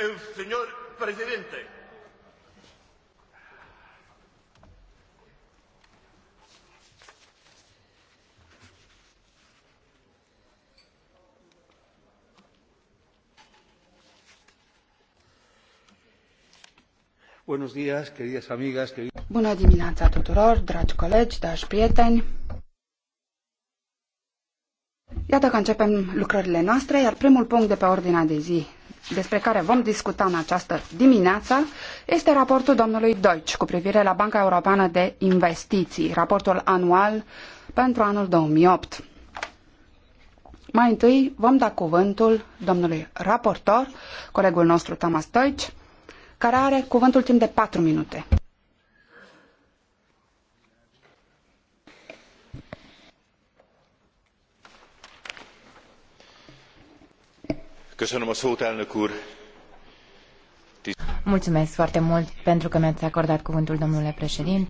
El señor presidente. Buenos días, queridas amigas, queridas... Bună dimineața tuturor, dragi colegi, dragi prieteni! Iată că începem lucrările noastre, iar primul punct de pe ordinea de zi despre care vom discuta în această dimineață este raportul domnului Deutsch cu privire la Banca Europeană de Investiții, raportul anual pentru anul 2008. Mai întâi vom da cuvântul domnului raportor, colegul nostru Thomas Deutsch, care are cuvântul timp de patru minute. Mulțumesc foarte mult pentru că mi-ați acordat cuvântul, domnule președinte.